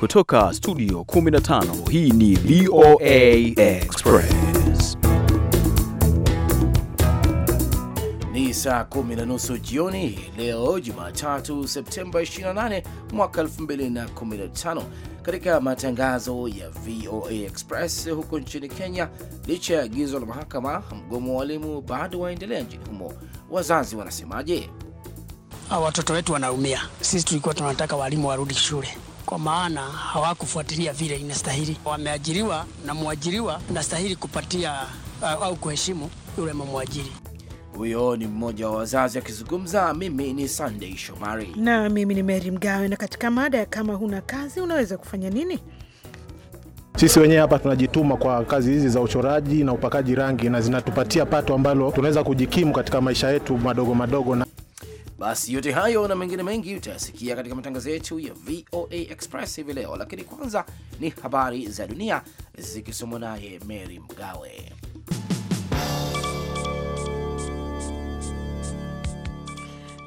Kutoka studio 15 hii ni VOA Express. Ni saa kumi na nusu jioni leo Jumatatu Septemba 28 mwaka 2015. Katika matangazo ya VOA Express huko nchini Kenya, licha ya agizo la mahakama, mgomo wa walimu bado waendelea nchini humo. Wazazi wanasemaje? watoto wetu wanaumia. Sisi tulikuwa tunataka walimu warudi shule kwa maana hawakufuatilia vile inastahili. Wameajiriwa na mwajiriwa, inastahili kupatia au, uh, au kuheshimu yule mwajiri. Huyo ni mmoja wa wazazi akizungumza. Mimi ni Sunday Shomari na mimi ni Mary Mgawe, na katika mada ya kama huna kazi unaweza kufanya nini, sisi wenyewe hapa tunajituma kwa kazi hizi za uchoraji na upakaji rangi, na zinatupatia pato ambalo tunaweza kujikimu katika maisha yetu madogo madogo na basi yote hayo na mengine mengi utayasikia katika matangazo yetu ya VOA Express hivi leo, lakini kwanza ni habari za dunia zikisomwa naye Mary Mgawe.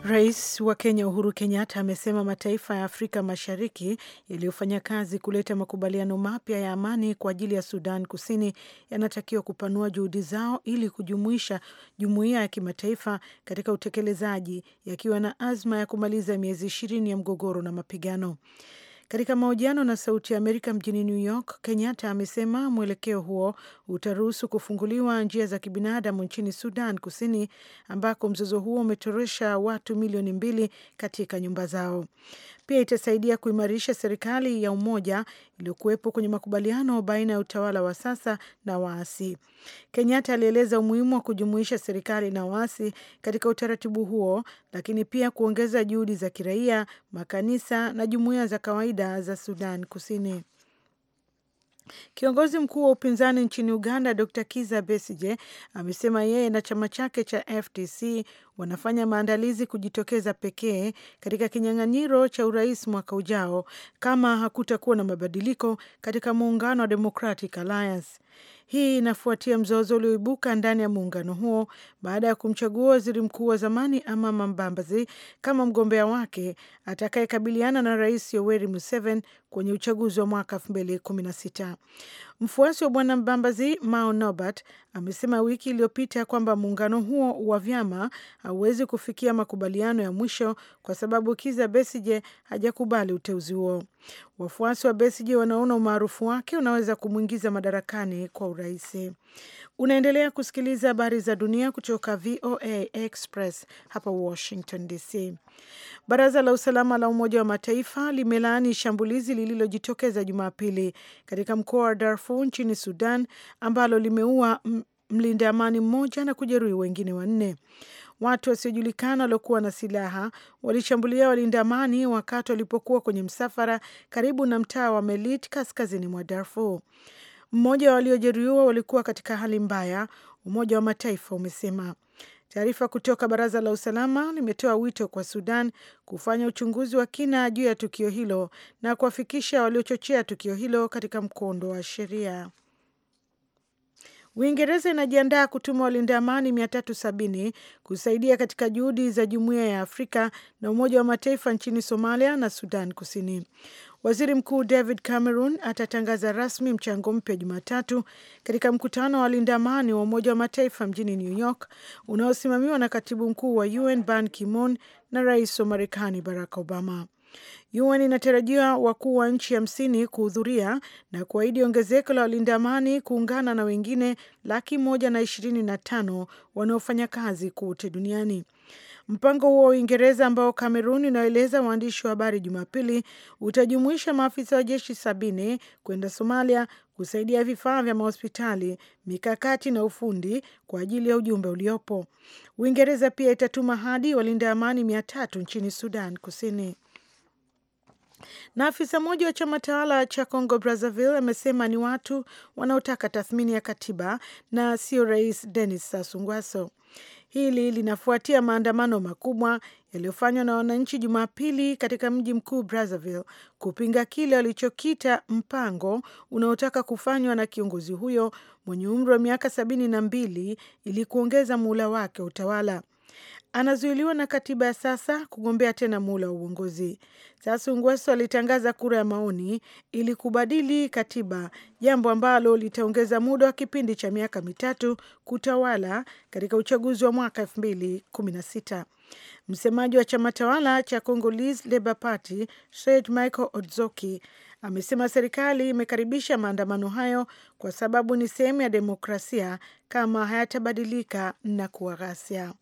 Rais wa Kenya Uhuru Kenyatta amesema mataifa ya Afrika Mashariki yaliyofanya kazi kuleta makubaliano mapya ya amani kwa ajili ya Sudan Kusini yanatakiwa kupanua juhudi zao ili kujumuisha jumuiya ya kimataifa katika utekelezaji, yakiwa na azma ya kumaliza miezi ishirini ya mgogoro na mapigano. Katika mahojiano na Sauti ya Amerika mjini New York, Kenyatta amesema mwelekeo huo utaruhusu kufunguliwa njia za kibinadamu nchini Sudan Kusini, ambako mzozo huo umetoresha watu milioni mbili katika nyumba zao. Pia itasaidia kuimarisha serikali ya umoja iliyokuwepo kwenye makubaliano baina ya utawala wa sasa na waasi. Kenyatta alieleza umuhimu wa kujumuisha serikali na waasi katika utaratibu huo, lakini pia kuongeza juhudi za kiraia, makanisa na jumuiya za kawaida za Sudan Kusini. Kiongozi mkuu wa upinzani nchini Uganda, Dr Kiza Besije amesema yeye na chama chake cha ftc wanafanya maandalizi kujitokeza pekee katika kinyang'anyiro cha urais mwaka ujao kama hakutakuwa na mabadiliko katika muungano wa Democratic Alliance. Hii inafuatia mzozo ulioibuka ndani ya muungano huo baada ya kumchagua waziri mkuu wa zamani Amama Mbabazi kama mgombea wake atakayekabiliana na Rais Yoweri Museveni kwenye uchaguzi wa mwaka 2016. Mfuasi wa bwana Mbambazi, Mao Norbert, amesema wiki iliyopita kwamba muungano huo wa vyama hauwezi kufikia makubaliano ya mwisho kwa sababu Kiza Besije hajakubali uteuzi huo. Wafuasi wa Besigye wanaona umaarufu wake unaweza kumwingiza madarakani kwa urahisi. Unaendelea kusikiliza habari za dunia kutoka VOA Express hapa Washington DC. Baraza la usalama la Umoja wa Mataifa limelaani shambulizi lililojitokeza Jumapili katika mkoa wa Darfur nchini Sudan ambalo limeua mlinda amani mmoja na kujeruhi wengine wanne. Watu wasiojulikana waliokuwa na silaha walishambulia walinda amani wakati walipokuwa kwenye msafara karibu na mtaa wa Melit kaskazini mwa Darfur. Mmoja wa waliojeruhiwa walikuwa katika hali mbaya, Umoja wa Mataifa umesema. Taarifa kutoka Baraza la Usalama limetoa wito kwa Sudan kufanya uchunguzi wa kina juu ya tukio hilo na kuwafikisha waliochochea tukio hilo katika mkondo wa sheria. Uingereza inajiandaa kutuma walinda amani 370 kusaidia katika juhudi za Jumuiya ya Afrika na Umoja wa Mataifa nchini Somalia na Sudan Kusini. Waziri Mkuu David Cameron atatangaza rasmi mchango mpya Jumatatu katika mkutano wa walinda amani wa Umoja wa Mataifa mjini New York unaosimamiwa na katibu mkuu wa UN Ban Ki-moon na rais wa Marekani Barack Obama. UN inatarajiwa wakuu wa nchi hamsini kuhudhuria na kuahidi ongezeko la walinda amani kuungana na wengine laki moja na ishirini na tano wanaofanya kazi kote duniani. Mpango huo wa Uingereza ambao Kamerun inaeleza waandishi wa habari Jumapili utajumuisha maafisa wa jeshi sabini kwenda Somalia kusaidia vifaa vya mahospitali, mikakati na ufundi kwa ajili ya ujumbe uliopo. Uingereza pia itatuma hadi walinda amani mia tatu nchini Sudan Kusini. Na afisa mmoja wa chama tawala cha Congo Brazzaville amesema ni watu wanaotaka tathmini ya katiba na sio Rais Denis Sassou Nguesso. Hili linafuatia maandamano makubwa yaliyofanywa na wananchi Jumapili katika mji mkuu Brazzaville kupinga kile walichokita mpango unaotaka kufanywa na kiongozi huyo mwenye umri wa miaka sabini na mbili ili kuongeza muhula wake utawala anazuiliwa na katiba ya sasa kugombea tena muhula wa uongozi. Sasa Ungweso alitangaza kura ya maoni ili kubadili katiba, jambo ambalo litaongeza muda wa kipindi cha miaka mitatu kutawala katika uchaguzi wa mwaka elfu mbili kumi na sita. Msemaji wa chama tawala cha Congolese Labour Party Sir Michael Odzoki amesema serikali imekaribisha maandamano hayo kwa sababu ni sehemu ya demokrasia kama hayatabadilika na kuwa ghasia.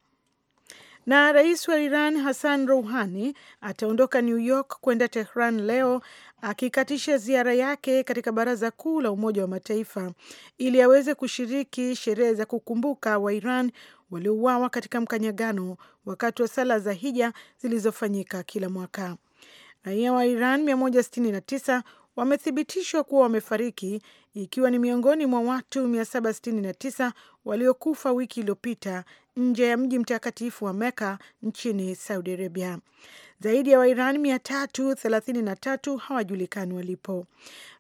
Na rais wa Iran Hassan Rouhani ataondoka New York kwenda Tehran leo akikatisha ziara yake katika Baraza Kuu la Umoja wa Mataifa ili aweze kushiriki sherehe za kukumbuka wa Iran waliouawa katika mkanyagano wakati wa sala za hija zilizofanyika kila mwaka. Raia wa Iran 169 wamethibitishwa kuwa wamefariki ikiwa ni miongoni mwa watu 769 waliokufa wiki iliyopita nje ya mji mtakatifu wa Meka nchini Saudi Arabia. Zaidi ya Wairani 333 hawajulikani walipo.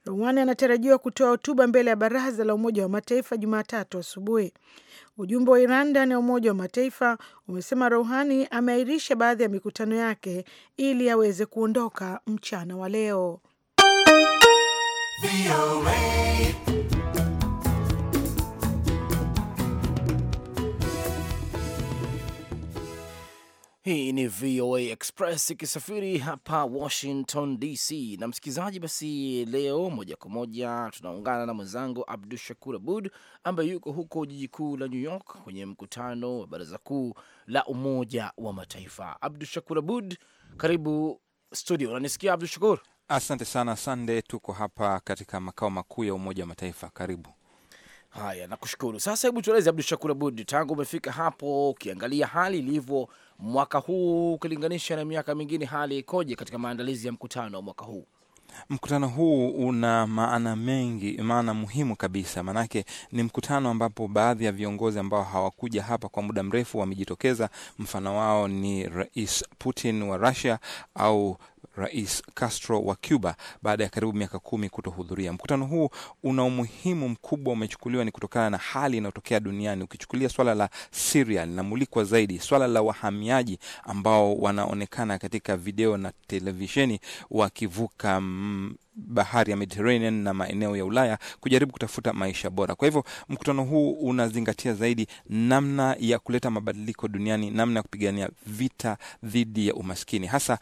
Rwanda anatarajiwa kutoa hotuba mbele ya baraza la Umoja wa Mataifa Jumatatu asubuhi. Ujumbe wa Iran ndani ya Umoja wa Mataifa umesema Rouhani ameahirisha baadhi ya mikutano yake ili aweze kuondoka mchana wa leo. Hii ni VOA Express ikisafiri hapa Washington DC. Na msikilizaji, basi leo moja kwa moja tunaungana na mwenzangu Abdu Shakur Abud ambaye yuko huko jiji kuu la New York kwenye mkutano wa Baraza Kuu la Umoja wa Mataifa. Abdu Shakur Abud, karibu studio. Unanisikia Abdu Shakur? Asante sana Sande, tuko hapa katika makao makuu ya Umoja wa Mataifa. Karibu. Haya, nakushukuru. Sasa hebu tueleze Abdu Shakur Abud, tangu umefika hapo, ukiangalia hali ilivyo mwaka huu ukilinganisha na miaka mingine, hali ikoje katika maandalizi ya mkutano wa mwaka huu? Mkutano huu una maana mengi, maana muhimu kabisa, maanake ni mkutano ambapo baadhi ya viongozi ambao hawakuja hapa kwa muda mrefu wamejitokeza. Mfano wao ni Rais Putin wa Russia au Rais Castro wa Cuba baada ya karibu miaka kumi kutohudhuria mkutano huu. Una umuhimu mkubwa umechukuliwa ni kutokana na hali inayotokea duniani. Ukichukulia swala la siria linamulikwa zaidi, swala la wahamiaji ambao wanaonekana katika video na televisheni wakivuka mm, bahari ya Mediterranean na maeneo ya Ulaya kujaribu kutafuta maisha bora. Kwa hivyo mkutano huu unazingatia zaidi namna ya kuleta mabadiliko duniani, namna ya kupigania vita dhidi ya umaskini. Hasa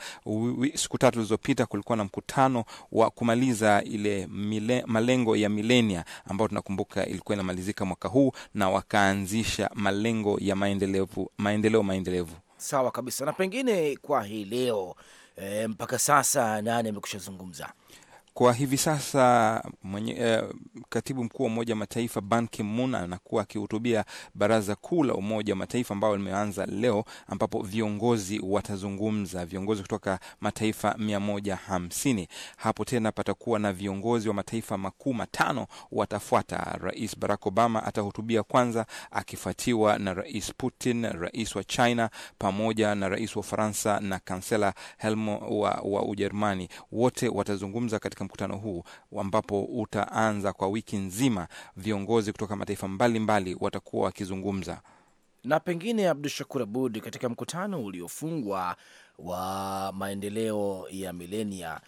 siku tatu zilizopita kulikuwa na mkutano wa kumaliza ile mile, malengo ya milenia ambayo tunakumbuka ilikuwa inamalizika mwaka huu, na wakaanzisha malengo ya maendelevu, maendeleo maendelevu. Sawa kabisa, na pengine kwa hii leo e, mpaka sasa nani amekushazungumza? Kwa hivi sasa mwenye, eh, katibu mkuu wa Umoja wa Mataifa Ban kimun anakuwa akihutubia Baraza Kuu la Umoja wa Mataifa ambao limeanza leo, ambapo viongozi watazungumza, viongozi kutoka mataifa 150. Hapo tena patakuwa na viongozi wa mataifa makuu matano watafuata. Rais Barack Obama atahutubia kwanza, akifuatiwa na Rais Putin, rais wa China pamoja na rais wa Ufaransa na kansela helm wa, wa Ujerumani. Wote watazungumza katika mkutano huu ambapo utaanza kwa wiki nzima. Viongozi kutoka mataifa mbalimbali mbali watakuwa wakizungumza na pengine Abdu Shakur Abud, katika mkutano uliofungwa wa maendeleo ya milenia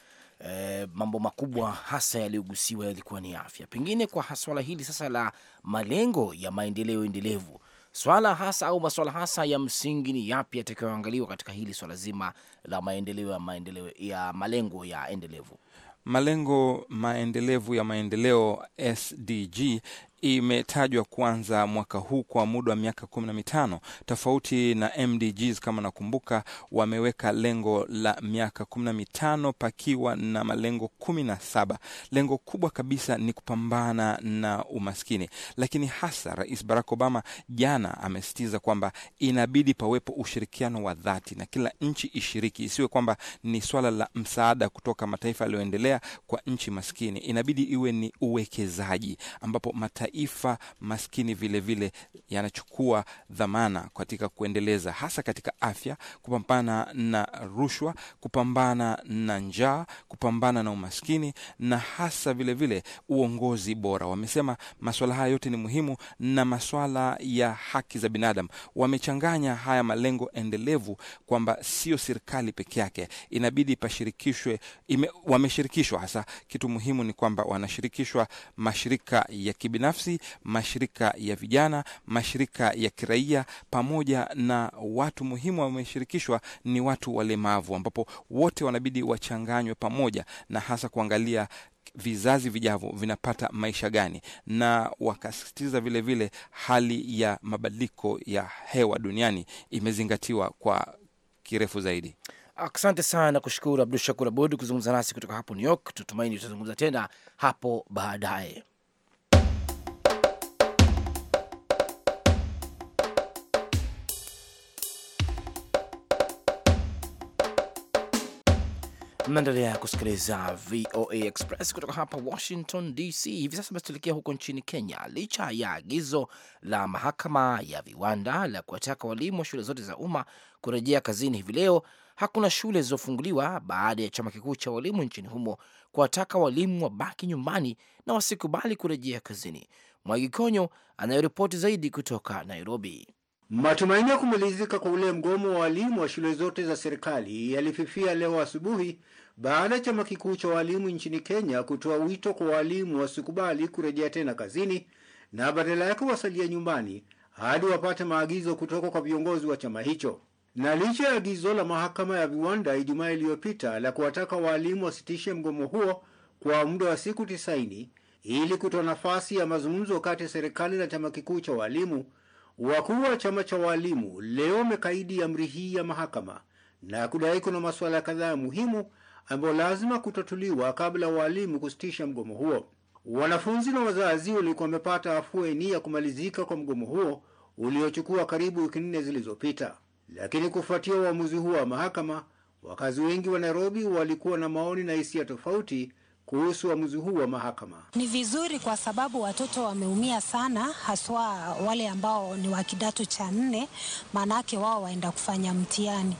e, mambo makubwa hasa yaliyogusiwa yalikuwa ni afya. Pengine kwa swala hili sasa la malengo ya maendeleo endelevu, swala hasa au maswala hasa ya msingi ni yapi yatakayoangaliwa katika hili swala zima la maendeleo ya maendeleo ya malengo ya endelevu? malengo maendelevu ya maendeleo SDG imetajwa kuanza mwaka huu kwa muda wa miaka kumi na mitano tofauti na MDGs. Kama nakumbuka, wameweka lengo la miaka kumi na mitano pakiwa na malengo kumi na saba. Lengo kubwa kabisa ni kupambana na umaskini, lakini hasa Rais Barack Obama jana amesitiza kwamba inabidi pawepo ushirikiano wa dhati na kila nchi ishiriki, isiwe kwamba ni swala la msaada kutoka mataifa yaliyoendelea kwa nchi maskini. Inabidi iwe ni uwekezaji ambapo mata mataifa maskini vile vile yanachukua dhamana katika kuendeleza, hasa katika afya, kupambana na rushwa, kupambana na njaa, kupambana na umaskini na hasa vile vile uongozi bora. Wamesema maswala haya yote ni muhimu na maswala ya haki za binadamu. Wamechanganya haya malengo endelevu kwamba sio serikali peke yake, inabidi pashirikishwe ime, wameshirikishwa hasa. Kitu muhimu ni kwamba wanashirikishwa mashirika ya kibinafsi binafsi, mashirika ya vijana, mashirika ya kiraia, pamoja na watu muhimu wameshirikishwa ni watu walemavu, ambapo wote wanabidi wachanganywe pamoja na hasa kuangalia vizazi vijavyo vinapata maisha gani, na wakasisitiza vile vile hali ya mabadiliko ya hewa duniani imezingatiwa kwa kirefu zaidi. Asante sana kushukuru Abdu Shakur Abud kuzungumza nasi kutoka hapo New York. Tutumaini tutazungumza tena hapo baadaye. Mnaendelea kusikiliza VOA Express kutoka hapa Washington DC. Hivi sasa basi, tuelekea huko nchini Kenya. Licha ya agizo la mahakama ya viwanda la kuwataka walimu wa shule zote za umma kurejea kazini hivi leo, hakuna shule zilizofunguliwa baada ya chama kikuu cha walimu nchini humo kuwataka walimu wabaki nyumbani na wasikubali kurejea kazini. Mwagi Konyo anayoripoti zaidi kutoka Nairobi. Matumaini ya kumalizika kwa ule mgomo wa walimu wa shule zote za serikali yalififia leo asubuhi baada ya chama kikuu cha walimu nchini Kenya kutoa wito kwa walimu wasikubali kurejea tena kazini na badala yake wasalia nyumbani hadi wapate maagizo kutoka kwa viongozi wa chama hicho. Na licha ya agizo la mahakama ya viwanda Ijumaa iliyopita la kuwataka walimu wasitishe mgomo huo kwa muda wa siku tisaini ili kutoa nafasi ya mazungumzo kati ya serikali na chama kikuu cha walimu Wakuu wa chama cha walimu leo wamekaidi amri hii ya mahakama na kudai kuna masuala kadhaa muhimu ambayo lazima kutatuliwa kabla walimu kusitisha mgomo huo. Wanafunzi na wazazi walikuwa wamepata afueni ya kumalizika kwa mgomo huo uliochukua karibu wiki nne zilizopita, lakini kufuatia uamuzi huo wa mahakama, wakazi wengi wa Nairobi walikuwa na maoni na hisia tofauti kuhusu uamuzi huu wa mahakama. Ni vizuri kwa sababu watoto wameumia sana, haswa wale ambao ni wa kidato cha nne, maanake wao waenda kufanya mtihani.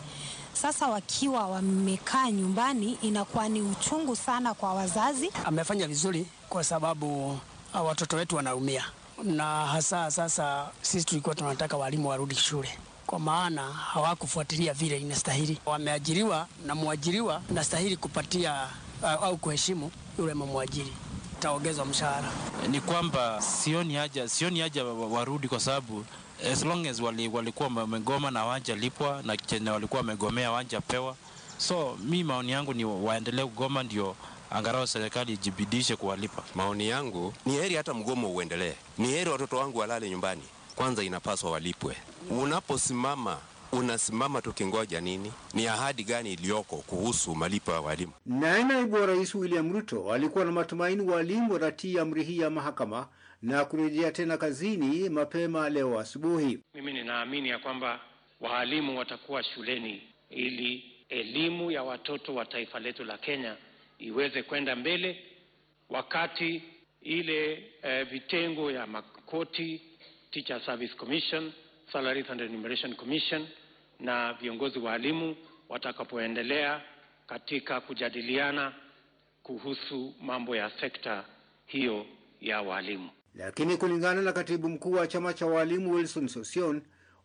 Sasa wakiwa wamekaa nyumbani, inakuwa ni uchungu sana kwa wazazi. Amefanya vizuri kwa sababu ah, watoto wetu wanaumia, na hasa sasa sisi tulikuwa tunataka walimu warudi shule kwa maana hawakufuatilia vile inastahili. Wameajiriwa na mwajiriwa nastahili kupatia Uh, au kuheshimu yule mwajiri taongezwa mshahara. Ni kwamba sioni haja, sioni haja warudi kwa sababu as long as wali, walikuwa wamegoma na lipwa na chenye walikuwa wamegomea pewa So mi maoni yangu ni waendelee kugoma ndio angalau serikali ijibidishe kuwalipa. Maoni yangu ni heri hata mgomo uendelee, ni heri watoto wangu walale nyumbani kwanza, inapaswa walipwe. Unaposimama Unasimama tukingoja nini? Ni ahadi gani iliyoko kuhusu malipo ya walimu? Naye naibu wa rais William Ruto alikuwa na matumaini walimu watatii amri hii ya mahakama na kurejea tena kazini mapema leo asubuhi. Mimi ninaamini ya kwamba waalimu watakuwa shuleni ili elimu ya watoto wa taifa letu la Kenya iweze kwenda mbele, wakati ile eh, vitengo ya makoti Teacher Service Commission Salary and Remuneration Commission na viongozi wa elimu watakapoendelea katika kujadiliana kuhusu mambo ya sekta hiyo ya walimu. Lakini kulingana na katibu mkuu wa chama cha walimu Wilson Sosion,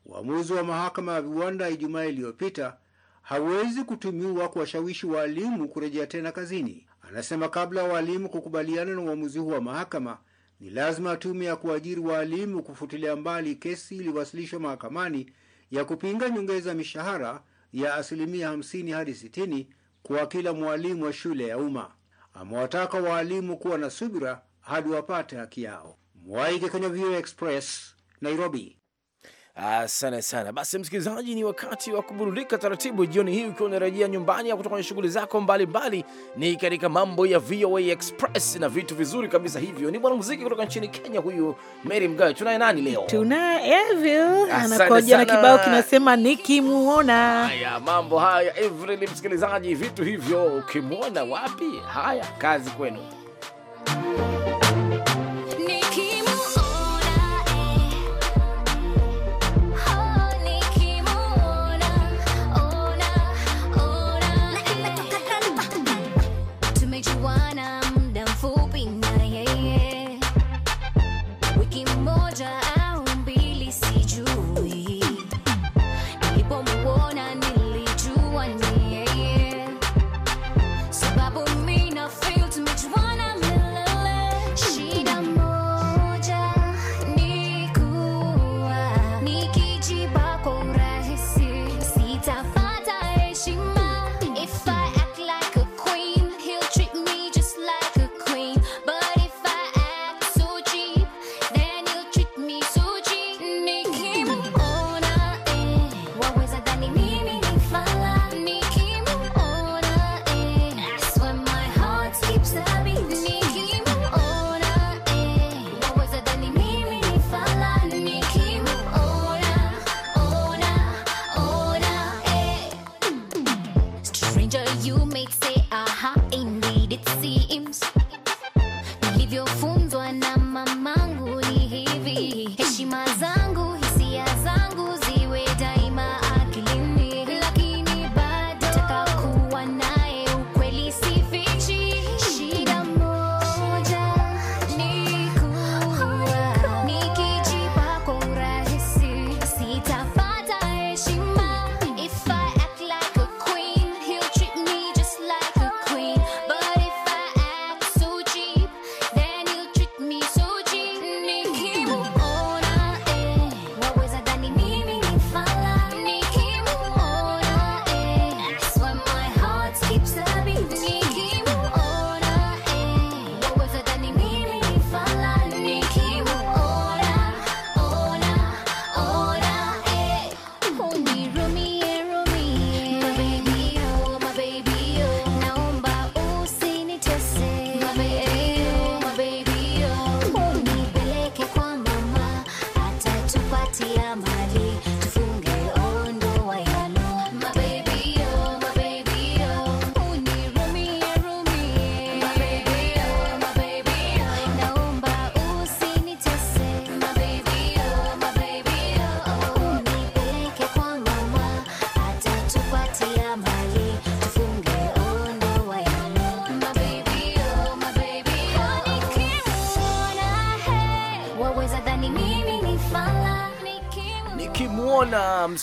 uamuzi wa mahakama ya viwanda Ijumaa iliyopita hawezi kutumiwa kuwashawishi walimu kurejea tena kazini. Anasema kabla ya walimu kukubaliana na uamuzi huu wa mahakama ni lazima tume ya kuajiri waalimu kufutilia mbali kesi iliyowasilishwa mahakamani ya kupinga nyongeza mishahara ya asilimia 50 hadi 60 kwa kila mwalimu wa shule ya umma. Amewataka waalimu kuwa na subira hadi wapate haki yao. Mwaike kwenye VOA Express, Nairobi. Asante sana. Basi msikilizaji, ni wakati wa kuburudika taratibu jioni hii, ukiwa unarejea nyumbani au kutoka kwenye shughuli zako mbalimbali. Ni katika mambo ya VOA Express na vitu vizuri kabisa hivyo. Ni mwanamuziki kutoka nchini Kenya, huyu Mary Mgawe. Tunaye nani leo? Tunaye Evil anakoja na kibao kinasema nikimuona. Haya mambo haya, Evil msikilizaji, vitu hivyo ukimwona wapi? Haya, kazi kwenu.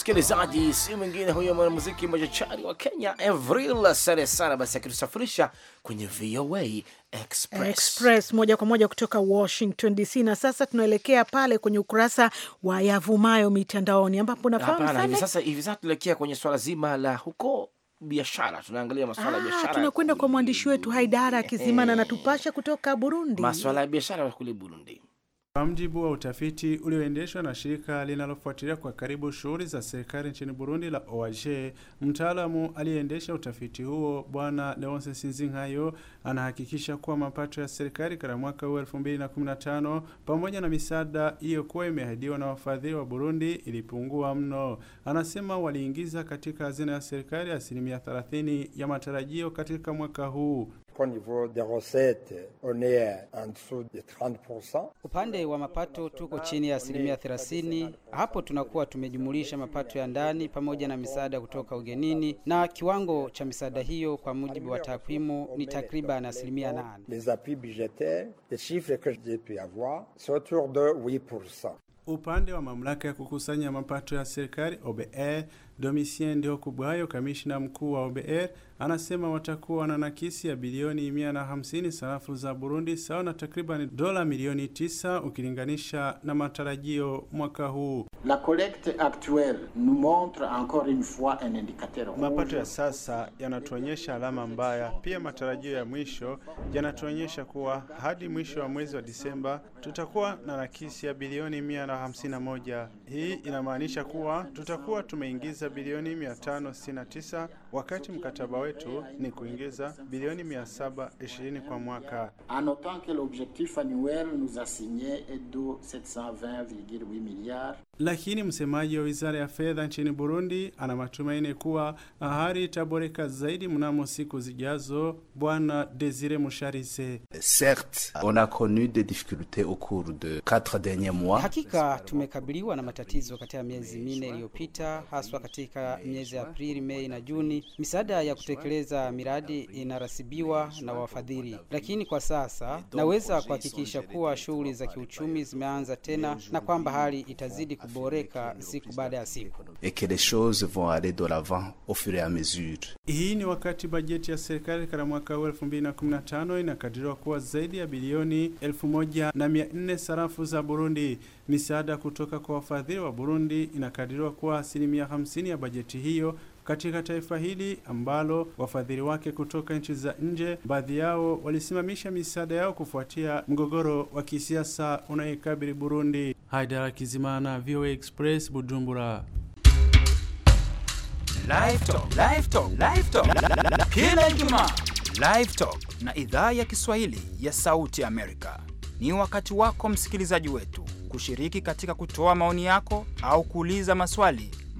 msikilizaji, si mwingine huyo mwanamuziki machachari wa Kenya Avril. Asante sana basi, akitusafirisha kwenye VOA Express. Express moja kwa moja kutoka Washington DC, na sasa tunaelekea pale kwenye ukurasa wa yavumayo mitandaoni, ambapo nafahamu sana hivi sasa hivi sasa tunaelekea kwenye swala zima la huko biashara tunaangalia maswala ya ah, biashara, tunakwenda kwa mwandishi wetu Haidara Kizimana anatupasha kutoka Burundi, maswala ya biashara kule Burundi. Kwa mjibu wa utafiti ulioendeshwa na shirika linalofuatilia kwa karibu shughuli za serikali nchini Burundi la OAG, mtaalamu aliyeendesha utafiti huo Bwana Leonce Sinzinkayo anahakikisha kuwa mapato ya serikali katika mwaka huu 2015 pamoja na misaada iliyokuwa imeahidiwa na wafadhili wa Burundi ilipungua mno. Anasema waliingiza katika hazina ya serikali asilimia 30 ya matarajio katika mwaka huu. Kwa niveau de recette, on est en dessous de 30%. Upande wa mapato tuko chini ya asilimia 30. Hapo tunakuwa tumejumulisha mapato ya ndani pamoja na misaada kutoka ugenini, na kiwango cha misaada hiyo kwa mujibu wa takwimu ni takriban asilimia 8. Les appuis budgétaires, les chiffres que j'ai pu avoir, c'est autour de 8%. Upande wa mamlaka ya kukusanya mapato ya serikali OBE Domitien Kubwayo, kamishna mkuu wa OBR, anasema watakuwa na nakisi ya bilioni 150 sarafu za Burundi, sawa na takribani dola milioni 9 ukilinganisha na matarajio mwaka huu. La collecte actuelle nous montre encore une fois un indicateur. Mapato ya sasa yanatuonyesha alama mbaya, pia matarajio ya mwisho yanatuonyesha kuwa hadi mwisho wa mwezi wa Disemba tutakuwa na nakisi ya bilioni 151. Hii inamaanisha kuwa tutakuwa tumeingiza bilioni 569 wakati mkataba wetu ni kuingiza bilioni 720 kwa mwaka. Lakini msemaji wa Wizara ya Fedha nchini Burundi ana matumaini kuwa ahari itaboreka zaidi mnamo siku zijazo. Bwana Desire Musharize: Certes, on a connu des au cours de derniers mois. Hakika tumekabiliwa na matatizo katika miezi minne iliyopita haswa katika katika miezi Aprili, Mei na Juni. Misaada ya kutekeleza miradi inarasibiwa na wafadhili, lakini kwa sasa naweza kuhakikisha kuwa shughuli za kiuchumi zimeanza tena na kwamba hali itazidi kuboreka siku baada ya siku. Hii ni wakati bajeti ya serikali katika mwaka huu 2015 inakadiriwa kuwa zaidi ya bilioni 1400 sarafu za Burundi. Misaada kutoka kwa wafadhili wa Burundi inakadiriwa kuwa asilimia 50 ya bajeti hiyo katika taifa hili ambalo wafadhili wake kutoka nchi za nje baadhi yao walisimamisha misaada yao kufuatia mgogoro wa kisiasa unaoikabili Burundi. Haidara Kizimana, VOA Express, Bujumbura. kila Ijumaa. Live Talk na idhaa ya Kiswahili ya Sauti Amerika ni wakati wako msikilizaji wetu kushiriki katika kutoa maoni yako au kuuliza maswali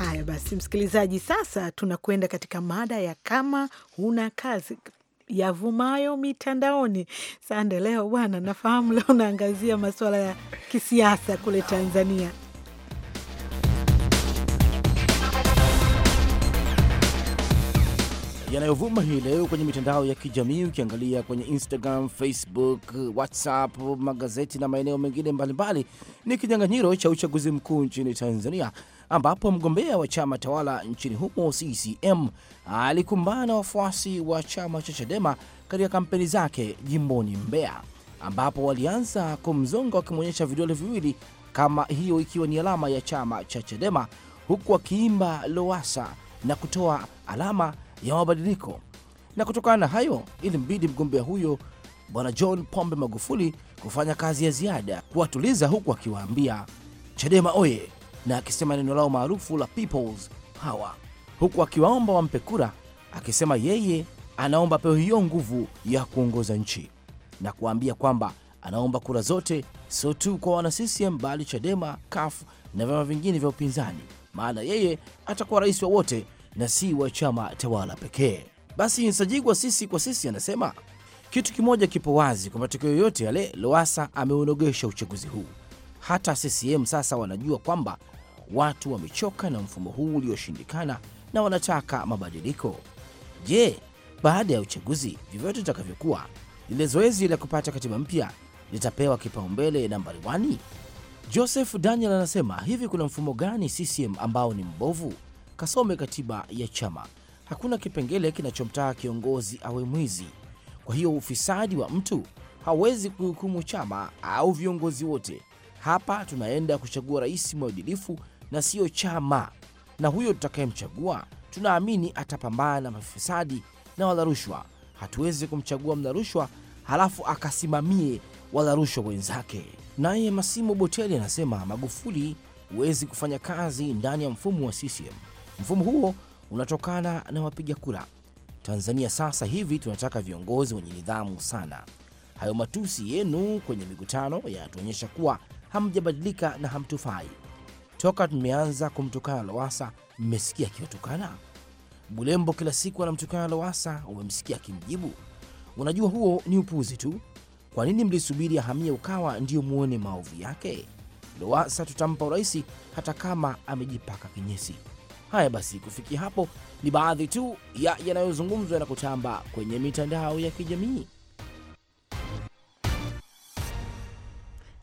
Haya basi, msikilizaji, sasa tunakwenda katika mada ya kama huna kazi yavumayo mitandaoni. Sande, leo bwana, nafahamu leo unaangazia masuala ya kisiasa kule Tanzania. yanayovuma hii leo kwenye mitandao ya kijamii. Ukiangalia kwenye Instagram, Facebook, WhatsApp, magazeti na maeneo mengine mbalimbali, ni kinyang'anyiro cha uchaguzi mkuu nchini Tanzania, ambapo mgombea wa chama tawala nchini humo CCM alikumbana na wafuasi wa chama cha Chadema katika kampeni zake jimboni Mbeya, ambapo walianza kumzonga wakimwonyesha vidole viwili, kama hiyo ikiwa ni alama ya chama cha Chadema, huku akiimba loasa na kutoa alama ya mabadiliko, na kutokana na hayo ilimbidi mgombea huyo Bwana John Pombe Magufuli kufanya kazi ya ziada kuwatuliza, huku akiwaambia Chadema oye, na akisema neno lao maarufu la people's power, huku akiwaomba wampe kura, akisema yeye anaomba pewe hiyo nguvu ya kuongoza nchi na kuwaambia kwamba anaomba kura zote, sio tu kwa wana CCM bali Chadema, CUF na vyama vingine vya upinzani, maana yeye atakuwa rais wa wote na si wa chama tawala pekee. Basi Nsajigwa sisi kwa sisi anasema kitu kimoja kipo wazi, kwa matokeo yote yale, loasa ameunogesha uchaguzi huu. Hata CCM sasa wanajua kwamba watu wamechoka na mfumo huu ulioshindikana na wanataka mabadiliko. Je, baada ya uchaguzi, vyovyote itakavyokuwa, lile zoezi la kupata katiba mpya litapewa kipaumbele nambari 1? Joseph Daniel anasema hivi, kuna mfumo gani CCM ambao ni mbovu kasome katiba ya chama, hakuna kipengele kinachomtaka kiongozi awe mwizi. Kwa hiyo ufisadi wa mtu hawezi kuhukumu chama au viongozi wote. Hapa tunaenda kuchagua rais mwadilifu na siyo chama, na huyo tutakayemchagua tunaamini atapambana na mafisadi na wala rushwa. Hatuwezi kumchagua mla rushwa halafu akasimamie wala rushwa wenzake. Naye Masimo Boteli anasema Magufuli huwezi kufanya kazi ndani ya mfumo wa CCM. Mfumo huo unatokana na wapiga kura. Tanzania sasa hivi tunataka viongozi wenye nidhamu sana. Hayo matusi yenu kwenye mikutano yanatuonyesha kuwa hamjabadilika na hamtufai. Toka tumeanza kumtukana Lowasa, mmesikia akiwatukana Bulembo kila siku anamtukana Lowasa, umemsikia akimjibu. Unajua huo ni upuzi tu. Kwa nini mlisubiri ahamia Ukawa ndiyo muone maovu yake? Lowasa tutampa urahisi hata kama amejipaka kinyesi. Haya basi, kufikia hapo ni baadhi tu ya yanayozungumzwa na kutamba kwenye mitandao ya kijamii.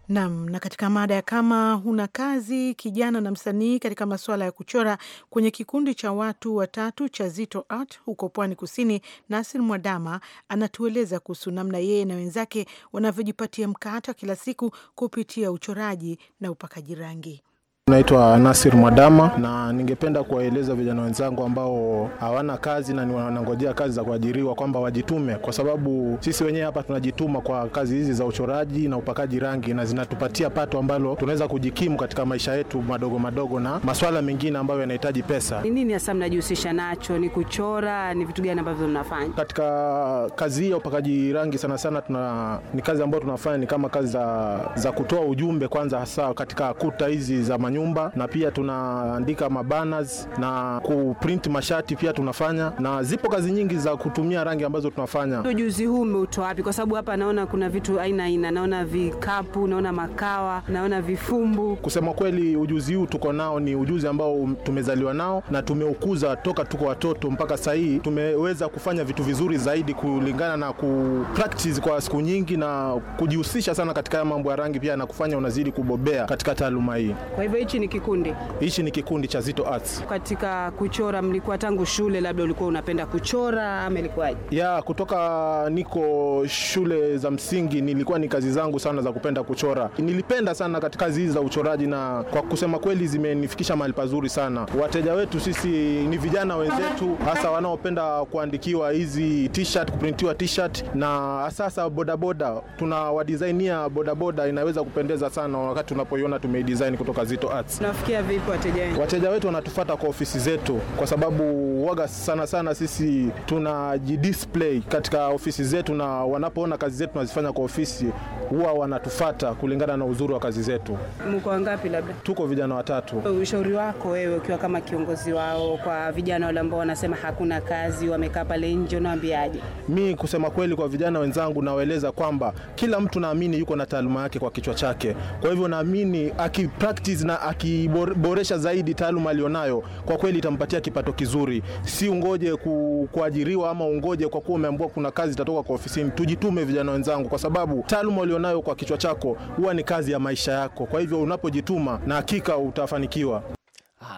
Nam. Na katika mada ya kama huna kazi, kijana na msanii katika masuala ya kuchora kwenye kikundi cha watu watatu cha Zito Art huko Pwani Kusini, Nasir Mwadama anatueleza kuhusu namna yeye na wenzake wanavyojipatia mkata kila siku kupitia uchoraji na upakaji rangi. Naitwa Nasir Mwadama na ningependa kuwaeleza vijana wenzangu ambao hawana kazi na wanangojea kazi za kuajiriwa kwamba wajitume, kwa sababu sisi wenyewe hapa tunajituma kwa kazi hizi za uchoraji na upakaji rangi, na zinatupatia pato ambalo tunaweza kujikimu katika maisha yetu madogo madogo na maswala mengine ambayo yanahitaji pesa. Ni nini hasa mnajihusisha nacho? Ni kuchora? Ni vitu gani ambavyo mnafanya katika kazi hii ya upakaji rangi? Sana sana tuna, ni kazi ambayo tunafanya ni kama kazi za, za kutoa ujumbe kwanza, hasa katika kuta hizi za manyo nyumba, na pia tunaandika mabanners na kuprint mashati pia tunafanya, na zipo kazi nyingi za kutumia rangi ambazo tunafanya. Ujuzi huu umeutoa wapi? Kwa sababu hapa naona kuna vitu aina aina, naona vikapu, naona makawa, naona vifumbu. Kusema kweli, ujuzi huu tuko nao ni ujuzi ambao um, tumezaliwa nao na tumeukuza toka tuko watoto mpaka sasa hii tumeweza kufanya vitu vizuri zaidi kulingana na ku practice kwa siku nyingi na kujihusisha sana katika mambo ya rangi pia na kufanya unazidi kubobea katika taaluma hii. Kwa hivyo hichi ni kikundi, hichi ni kikundi cha Zito Arts. Katika kuchora mlikuwa tangu shule, labda ulikuwa unapenda kuchora ama ilikuwaje? Ya kutoka niko shule za msingi, nilikuwa ni kazi zangu sana za kupenda kuchora. Nilipenda sana katika kazi hizi za uchoraji, na kwa kusema kweli zimenifikisha mahali pazuri sana. Wateja wetu sisi ni vijana wenzetu, hasa wanaopenda kuandikiwa hizi t-shirt, kuprintiwa t-shirt, na sasa bodaboda, tunawadisainia bodaboda, inaweza kupendeza sana wakati tunapoiona tumeidesign kutoka Zito parts. Nafikia vipi wateja wengi? Wateja wetu wanatufuata kwa ofisi zetu, kwa sababu waga sana sana sisi tunajidisplay katika ofisi zetu, na wanapoona kazi zetu tunazifanya kwa ofisi huwa wanatufuata kulingana na uzuri wa kazi zetu. Mko wangapi? Labda tuko vijana watatu. Ushauri wako wewe ukiwa kama kiongozi wao kwa vijana wale ambao wanasema hakuna kazi, wamekaa pale nje, unawaambiaje? Mi kusema kweli, kwa vijana wenzangu nawaeleza kwamba kila mtu naamini yuko na taaluma yake kwa kichwa chake, kwa hivyo naamini akipractice na akiboresha zaidi taaluma alionayo, kwa kweli itampatia kipato kizuri. Si ungoje ku, kuajiriwa ama ungoje kwa kuwa umeambiwa kuna kazi itatoka kwa ofisini. Tujitume vijana wenzangu, kwa sababu taaluma ulionayo kwa kichwa chako huwa ni kazi ya maisha yako. Kwa hivyo unapojituma, na hakika utafanikiwa.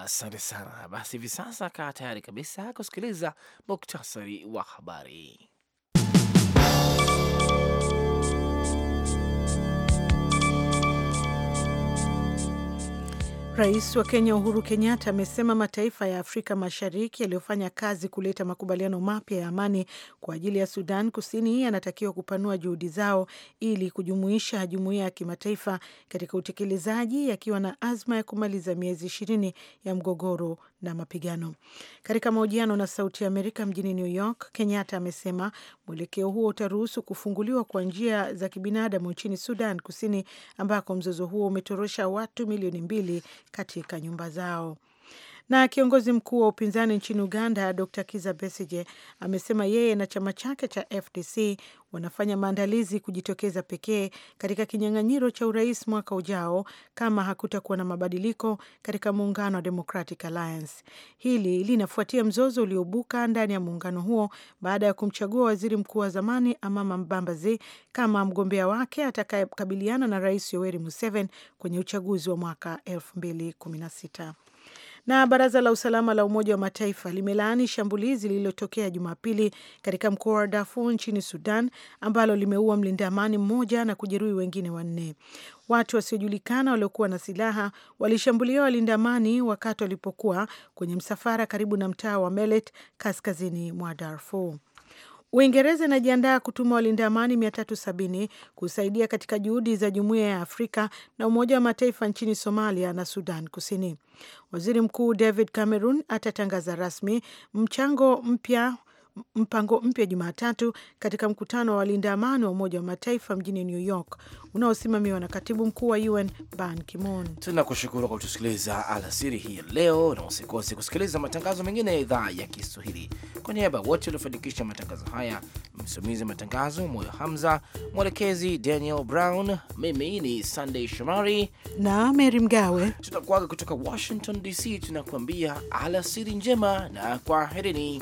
Asante sana. Basi hivi sasa kaa tayari kabisa kusikiliza muktasari wa habari. Rais wa Kenya Uhuru Kenyatta amesema mataifa ya Afrika Mashariki yaliyofanya kazi kuleta makubaliano mapya ya amani kwa ajili ya Sudan Kusini yanatakiwa kupanua juhudi zao ili kujumuisha jumuiya ya kimataifa katika utekelezaji, yakiwa na azma ya kumaliza miezi ishirini ya mgogoro na mapigano. Katika mahojiano na Sauti ya Amerika mjini New York, Kenyatta amesema mwelekeo huo utaruhusu kufunguliwa kwa njia za kibinadamu nchini Sudan Kusini, ambako mzozo huo umetorosha watu milioni mbili katika nyumba zao. Na kiongozi mkuu wa upinzani nchini Uganda, Dr Kiza Besige, amesema yeye na chama chake cha FDC wanafanya maandalizi kujitokeza pekee katika kinyang'anyiro cha urais mwaka ujao kama hakutakuwa na mabadiliko katika muungano wa Democratic Alliance. Hili linafuatia mzozo uliobuka ndani ya muungano huo baada ya kumchagua waziri mkuu wa zamani Amama Mbambazi kama mgombea wake atakayekabiliana na Rais Yoweri Museveni kwenye uchaguzi wa mwaka 216 na baraza la usalama la Umoja wa Mataifa limelaani shambulizi lililotokea Jumapili katika mkoa wa Darfur nchini Sudan, ambalo limeua mlinda amani mmoja na kujeruhi wengine wanne. Watu wasiojulikana waliokuwa na silaha walishambulia walinda amani wakati walipokuwa kwenye msafara karibu na mtaa wa Melet, kaskazini mwa Darfur. Uingereza inajiandaa kutuma walinda amani 370 kusaidia katika juhudi za Jumuiya ya Afrika na Umoja wa Mataifa nchini Somalia na Sudan Kusini. Waziri Mkuu David Cameron atatangaza rasmi mchango mpya mpango mpya Jumatatu katika mkutano wa walinda amani wa Umoja wa Mataifa mjini New York unaosimamiwa na katibu mkuu wa UN Ban Kimon. moon Tunakushukuru kwa kutusikiliza alasiri hii leo, na usikose kusikiliza matangazo mengine ya idhaa ya Kiswahili. Kwa niaba wote waliofanikisha matangazo haya, msimamizi wa matangazo Moyo Hamza, mwelekezi Daniel Brown, mimi ni Sunday Shomari na Mary Mgawe, tunakuaga kutoka Washington DC, tunakuambia alasiri njema na kwaherini.